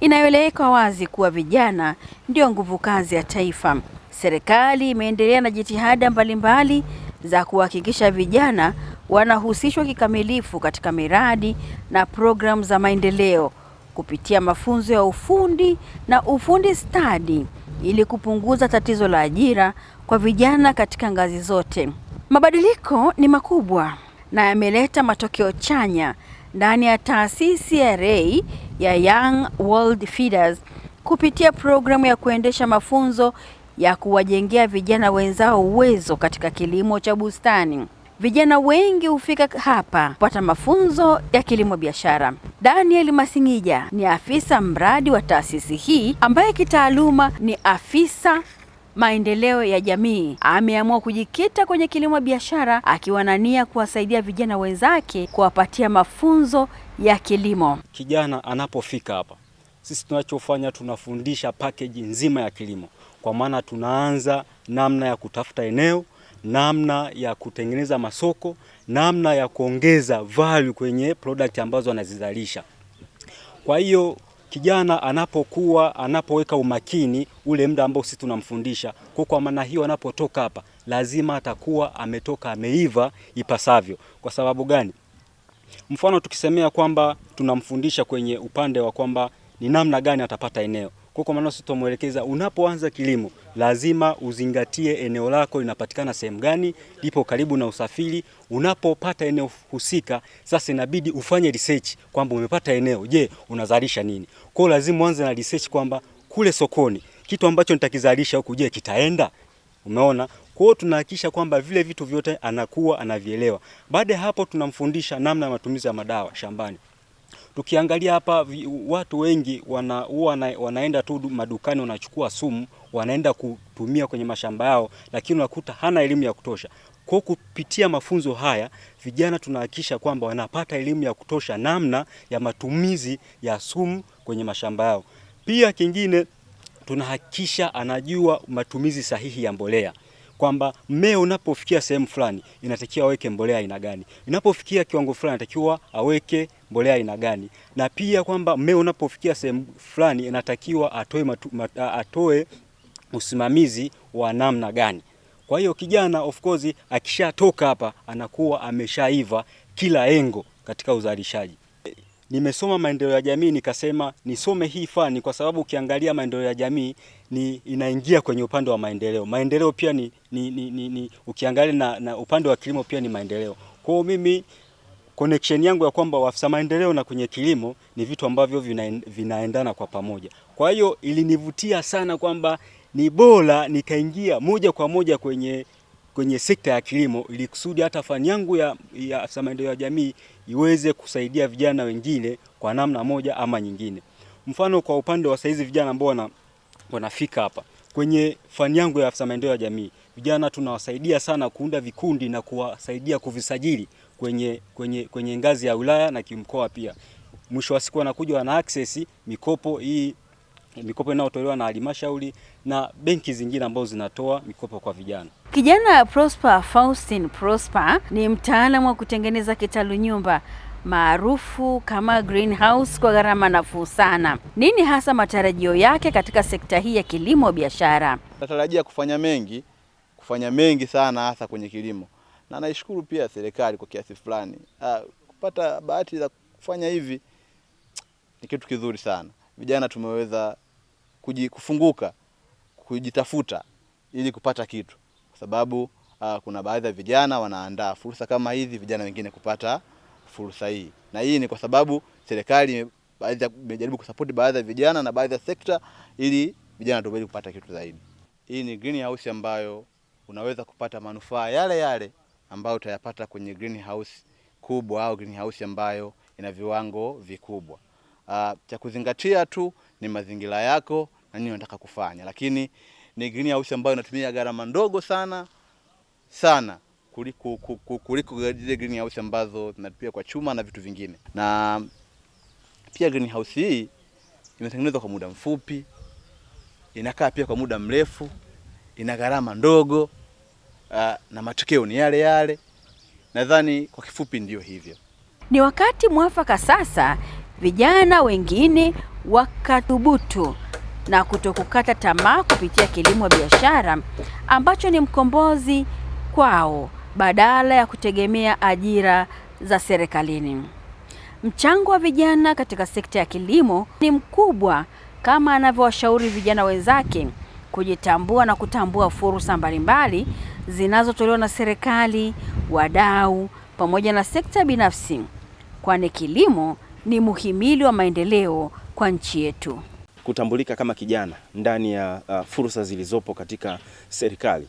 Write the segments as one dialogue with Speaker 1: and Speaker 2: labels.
Speaker 1: Inayoeleweka wazi kuwa vijana ndio nguvu kazi ya taifa. Serikali imeendelea na jitihada mbalimbali za kuhakikisha vijana wanahusishwa kikamilifu katika miradi na programu za maendeleo kupitia mafunzo ya ufundi na ufundi stadi ili kupunguza tatizo la ajira kwa vijana katika ngazi zote. Mabadiliko ni makubwa na yameleta matokeo chanya ndani ya taasisi ya REI ya Young World Feeders kupitia programu ya kuendesha mafunzo ya kuwajengea vijana wenzao uwezo katika kilimo cha bustani. Vijana wengi hufika hapa kupata mafunzo ya kilimo biashara. Daniel Masingija ni afisa mradi wa taasisi hii ambaye kitaaluma ni afisa maendeleo ya jamii. Ameamua kujikita kwenye kilimo biashara, akiwa na nia kuwasaidia vijana wenzake kuwapatia mafunzo ya kilimo.
Speaker 2: Kijana anapofika hapa, sisi tunachofanya tunafundisha package nzima ya kilimo, kwa maana tunaanza namna ya kutafuta eneo namna ya kutengeneza masoko, namna ya kuongeza value kwenye product ambazo anazizalisha. Kwa hiyo kijana anapokuwa anapoweka umakini ule muda ambao sisi tunamfundisha kwa, kwa maana hiyo anapotoka hapa lazima atakuwa ametoka ameiva ipasavyo. Kwa sababu gani? Mfano tukisemea kwamba tunamfundisha kwenye upande wa kwamba ni namna gani atapata eneo kwa kwa maana tutamwelekeza, unapoanza kilimo lazima uzingatie eneo lako linapatikana sehemu gani, lipo karibu na usafiri. Unapopata eneo husika, sasa inabidi ufanye research kwamba umepata eneo, je, unazalisha nini? Kwa lazima uanze na research kwamba kule sokoni kitu ambacho nitakizalisha huku, je, kitaenda? Umeona? Kwa hiyo tunahakikisha kwamba vile vitu vyote anakuwa anavielewa. Baada ya hapo, tunamfundisha namna ya matumizi ya madawa shambani tukiangalia hapa watu wengi wana, wana, wanaenda tu madukani wanachukua sumu wanaenda kutumia kwenye mashamba yao, lakini unakuta hana elimu ya kutosha. Kwa kupitia mafunzo haya vijana tunahakikisha kwamba wanapata elimu ya kutosha namna ya matumizi ya sumu kwenye mashamba yao. Pia kingine tunahakikisha anajua matumizi sahihi ya mbolea kwamba mmea unapofikia sehemu fulani inatakiwa aweke mbolea aina gani, inapofikia kiwango fulani inatakiwa aweke mbolea aina gani, na pia kwamba mmea unapofikia sehemu fulani inatakiwa atoe, matu, mat, atoe usimamizi wa namna gani. Kwa hiyo kijana of course akishatoka hapa anakuwa ameshaiva kila engo katika uzalishaji nimesoma maendeleo ya jamii nikasema nisome hii fani kwa sababu ukiangalia maendeleo ya jamii ni inaingia kwenye upande wa maendeleo. Maendeleo pia ni, ni, ni, ni, ni ukiangalia na, na upande wa kilimo pia ni maendeleo. Kwa hiyo mimi connection yangu ya kwamba wafisa maendeleo na kwenye kilimo ni vitu ambavyo vina, vinaendana kwa pamoja. Kwa hiyo ilinivutia sana kwamba ni bora nikaingia moja kwa moja kwenye kwenye sekta ya kilimo ili kusudi hata fani yangu ya, ya afisa maendeleo ya jamii iweze kusaidia vijana wengine kwa namna moja ama nyingine. Mfano kwa upande wa saizi vijana ambao wanafika hapa kwenye fani yangu ya afisa maendeleo ya jamii, vijana tunawasaidia sana kuunda vikundi na kuwasaidia kuvisajili kwenye, kwenye, kwenye ngazi ya wilaya na kimkoa pia. Mwisho wa siku wanakuja wana access mikopo hii mikopo inayotolewa na halmashauri na benki zingine ambazo zinatoa mikopo kwa vijana.
Speaker 1: Kijana Prosper Faustin Prosper ni mtaalamu wa kutengeneza kitalu nyumba maarufu kama greenhouse kwa gharama nafuu sana. Nini hasa matarajio yake katika sekta hii ya kilimo biashara?
Speaker 3: Natarajia kufanya mengi, kufanya mengi sana hasa kwenye kilimo, na naishukuru pia serikali kwa kiasi fulani. Ah, kupata bahati za kufanya hivi ni kitu kizuri sana. Vijana tumeweza kujifunguka kujitafuta ili kupata kitu, kwa sababu uh, kuna baadhi ya vijana wanaandaa fursa kama hizi, vijana wengine kupata fursa hii, na hii ni kwa sababu serikali imejaribu kusapoti baadhi ya vijana na baadhi ya sekta ili vijana tuweze kupata kitu zaidi. Hii ni greenhouse ambayo unaweza kupata manufaa yale yale ambayo utayapata kwenye greenhouse kubwa au greenhouse ambayo ina viwango vikubwa. Uh, cha kuzingatia tu ni mazingira yako na nini nataka kufanya, lakini ni greenhouse ambayo inatumia gharama ndogo sana sana kuliko kuliko zile greenhouse ambazo zinatupia kwa chuma na vitu vingine. Na pia greenhouse hii imetengenezwa kwa muda mfupi, inakaa pia kwa muda mrefu, ina gharama ndogo ah, na matokeo ni yale yale. Nadhani kwa kifupi ndiyo hivyo.
Speaker 1: Ni wakati mwafaka sasa vijana wengine wakathubutu na kutokukata tamaa kupitia kilimo biashara ambacho ni mkombozi kwao badala ya kutegemea ajira za serikalini. Mchango wa vijana katika sekta ya kilimo ni mkubwa, kama anavyowashauri vijana wenzake kujitambua na kutambua fursa mbalimbali zinazotolewa na serikali, wadau pamoja na sekta binafsi, kwani kilimo ni muhimili wa maendeleo kwa nchi yetu
Speaker 2: kutambulika kama kijana ndani ya uh, fursa zilizopo katika serikali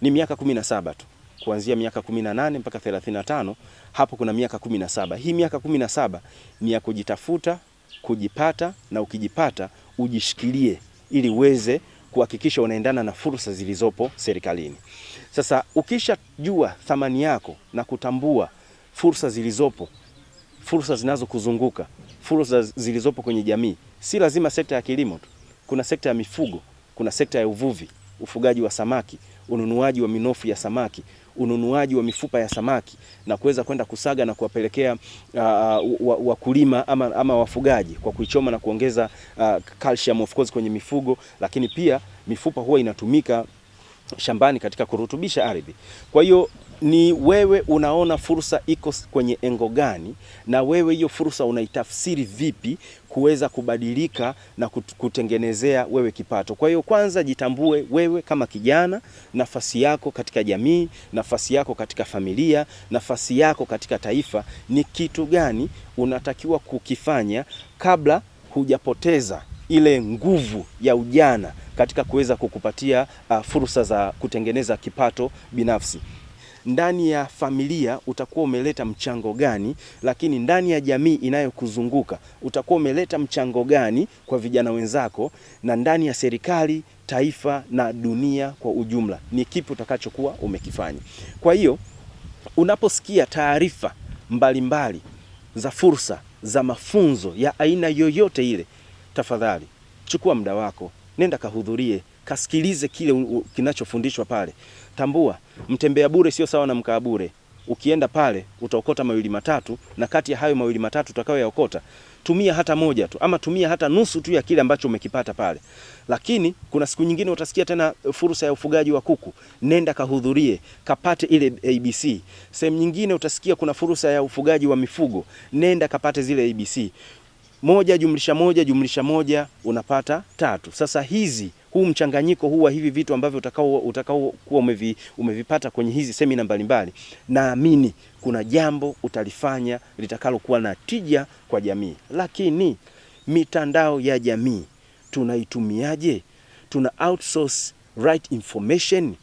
Speaker 2: ni miaka kumi na saba tu kuanzia miaka 18 mpaka 35, hapo kuna miaka 17. Hii miaka 17 ni ya kujitafuta, kujipata na ukijipata ujishikilie ili uweze kuhakikisha unaendana na fursa zilizopo serikalini. Sasa ukishajua thamani yako na kutambua fursa zilizopo fursa zinazokuzunguka, fursa zilizopo kwenye jamii. Si lazima sekta ya kilimo tu, kuna sekta ya mifugo, kuna sekta ya uvuvi, ufugaji wa samaki, ununuaji wa minofu ya samaki, ununuaji wa mifupa ya samaki na kuweza kwenda kusaga na kuwapelekea uh, wakulima ama, ama wafugaji kwa kuichoma na kuongeza uh, calcium of course kwenye mifugo, lakini pia mifupa huwa inatumika shambani katika kurutubisha ardhi. Kwa hiyo ni wewe unaona fursa iko kwenye engo gani, na wewe hiyo fursa unaitafsiri vipi kuweza kubadilika na kutengenezea wewe kipato. Kwa hiyo kwanza jitambue wewe kama kijana, nafasi yako katika jamii, nafasi yako katika familia, nafasi yako katika taifa, ni kitu gani unatakiwa kukifanya kabla hujapoteza ile nguvu ya ujana katika kuweza kukupatia uh, fursa za kutengeneza kipato binafsi ndani ya familia utakuwa umeleta mchango gani, lakini ndani ya jamii inayokuzunguka utakuwa umeleta mchango gani kwa vijana wenzako, na ndani ya serikali, taifa na dunia kwa ujumla, ni kipi utakachokuwa umekifanya. Kwa hiyo unaposikia taarifa mbalimbali za fursa za mafunzo ya aina yoyote ile, tafadhali chukua muda wako, nenda kahudhurie kasikilize kile kinachofundishwa pale. Tambua, mtembea bure sio sawa na mkaa bure. Ukienda pale utaokota mawili matatu, na kati ya hayo mawili matatu utakayoyaokota tumia hata moja tu ama tumia hata nusu tu ya kile ambacho umekipata pale. Lakini kuna siku nyingine utasikia tena e, fursa ya ufugaji wa kuku, nenda kahudhurie, kapate ile ABC. Sehemu nyingine utasikia kuna fursa ya ufugaji wa mifugo, nenda kapate zile ABC moja jumlisha moja jumlisha moja unapata tatu. Sasa hizi huu mchanganyiko huu wa hivi vitu ambavyo utakao utakao kuwa umevi, umevipata kwenye hizi semina mbalimbali, naamini kuna jambo utalifanya litakalokuwa na tija kwa jamii. Lakini mitandao ya jamii tunaitumiaje? Tuna outsource right information.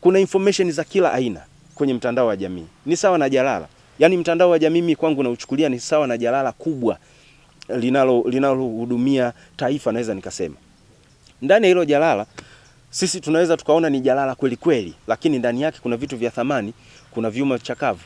Speaker 2: Kuna information za kila aina kwenye mtandao wa jamii, ni sawa na jalala. Yaani mtandao wa jamii kwangu nauchukulia ni sawa na jalala kubwa linalo linalohudumia taifa, naweza nikasema ndani ya hilo jalala sisi tunaweza tukaona ni jalala kweli kweli, lakini ndani yake kuna vitu vya thamani, kuna vyuma chakavu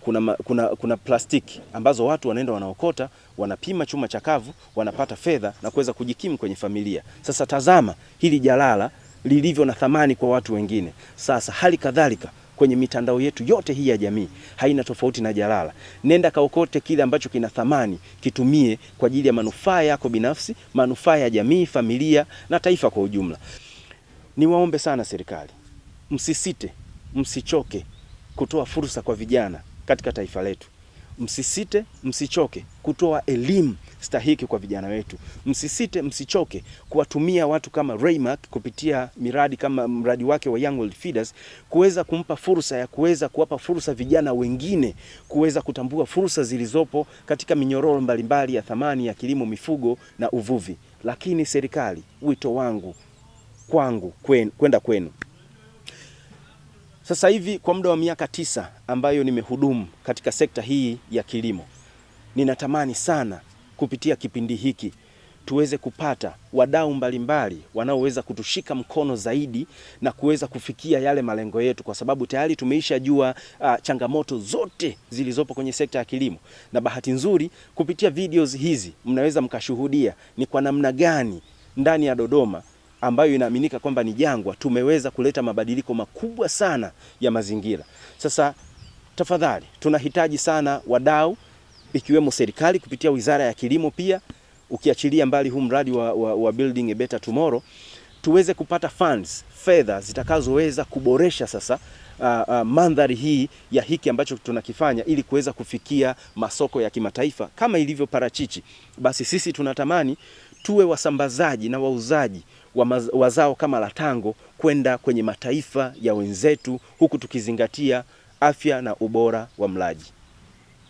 Speaker 2: kuna, kuna, kuna plastiki ambazo watu wanaenda wanaokota, wanapima chuma chakavu, wanapata fedha na kuweza kujikimu kwenye familia. Sasa tazama hili jalala lilivyo na thamani kwa watu wengine. Sasa hali kadhalika kwenye mitandao yetu yote hii ya jamii, haina tofauti na jalala. Nenda kaokote kile ambacho kina thamani, kitumie kwa ajili ya manufaa yako binafsi, manufaa ya jamii, familia na taifa kwa ujumla. Niwaombe sana serikali, msisite, msichoke kutoa fursa kwa vijana katika taifa letu msisite, msichoke kutoa elimu stahiki kwa vijana wetu. Msisite, msichoke kuwatumia watu kama Raymark kupitia miradi kama mradi wake wa Young World Feeders kuweza kumpa fursa ya kuweza kuwapa fursa vijana wengine kuweza kutambua fursa zilizopo katika minyororo mbalimbali ya thamani ya kilimo, mifugo na uvuvi. Lakini serikali, wito wangu kwangu kwenda kwenu, kwenu sasa hivi kwa muda wa miaka tisa ambayo nimehudumu katika sekta hii ya kilimo, ninatamani sana kupitia kipindi hiki tuweze kupata wadau mbalimbali wanaoweza kutushika mkono zaidi na kuweza kufikia yale malengo yetu, kwa sababu tayari tumeisha jua uh, changamoto zote zilizopo kwenye sekta ya kilimo, na bahati nzuri kupitia videos hizi mnaweza mkashuhudia ni kwa namna gani ndani ya Dodoma ambayo inaaminika kwamba ni jangwa, tumeweza kuleta mabadiliko makubwa sana ya mazingira. Sasa tafadhali, tunahitaji sana wadau ikiwemo serikali kupitia Wizara ya Kilimo, pia ukiachilia mbali huu mradi wa, wa, wa Building a Better Tomorrow tuweze kupata funds fedha zitakazoweza kuboresha sasa uh, uh, mandhari hii ya hiki ambacho tunakifanya ili kuweza kufikia masoko ya kimataifa kama ilivyo parachichi. Basi sisi tunatamani tuwe wasambazaji na wauzaji wazao kama la tango kwenda kwenye mataifa ya wenzetu, huku tukizingatia afya na ubora wa mlaji.